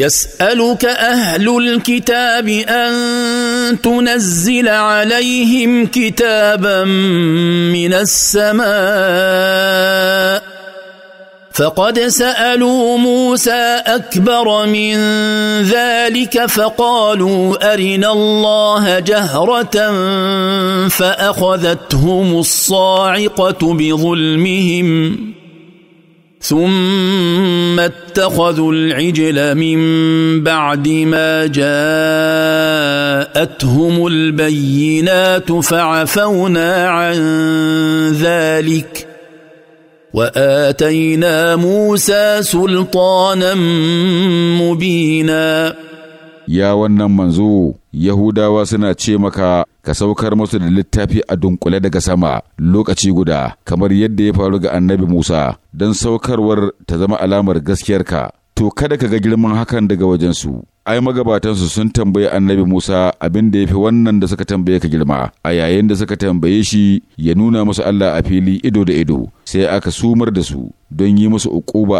يسالك اهل الكتاب ان تنزل عليهم كتابا من السماء فقد سالوا موسى اكبر من ذلك فقالوا ارنا الله جهره فاخذتهم الصاعقه بظلمهم ثم اتخذوا العجل من بعد ما جاءتهم البينات فعفونا عن ذلك واتينا موسى سلطانا مبينا ya wannan manzo Yahudawa suna ce maka ka saukar musu da littafi a dunkule daga sama lokaci guda kamar yadda ya faru ga annabi Musa don saukarwar ta zama alamar gaskiyarka to kada ka ga girman hakan daga wajensu ai magabatansu sun tambayi annabi Musa abin da ya fi wannan da suka tambaye ka girma a yayin da suka tambaye shi ya nuna musu Allah a fili ido da ido sai aka sumar da su don yi musu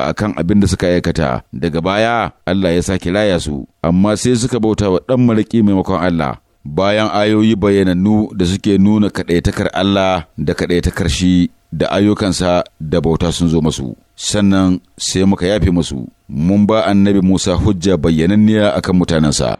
a kan abin da suka aikata daga baya Allah ya sake laya su amma sai suka bauta wa ɗan mariki maimakon Allah bayan ayoyi bayyanannu da suke nuna kaɗaitakar Allah da kaɗaitakar shi da ayyukansa da bauta sun zo masu sannan sai muka yafe masu mun ba annabi Musa hujja bayyananniya akan mutanensa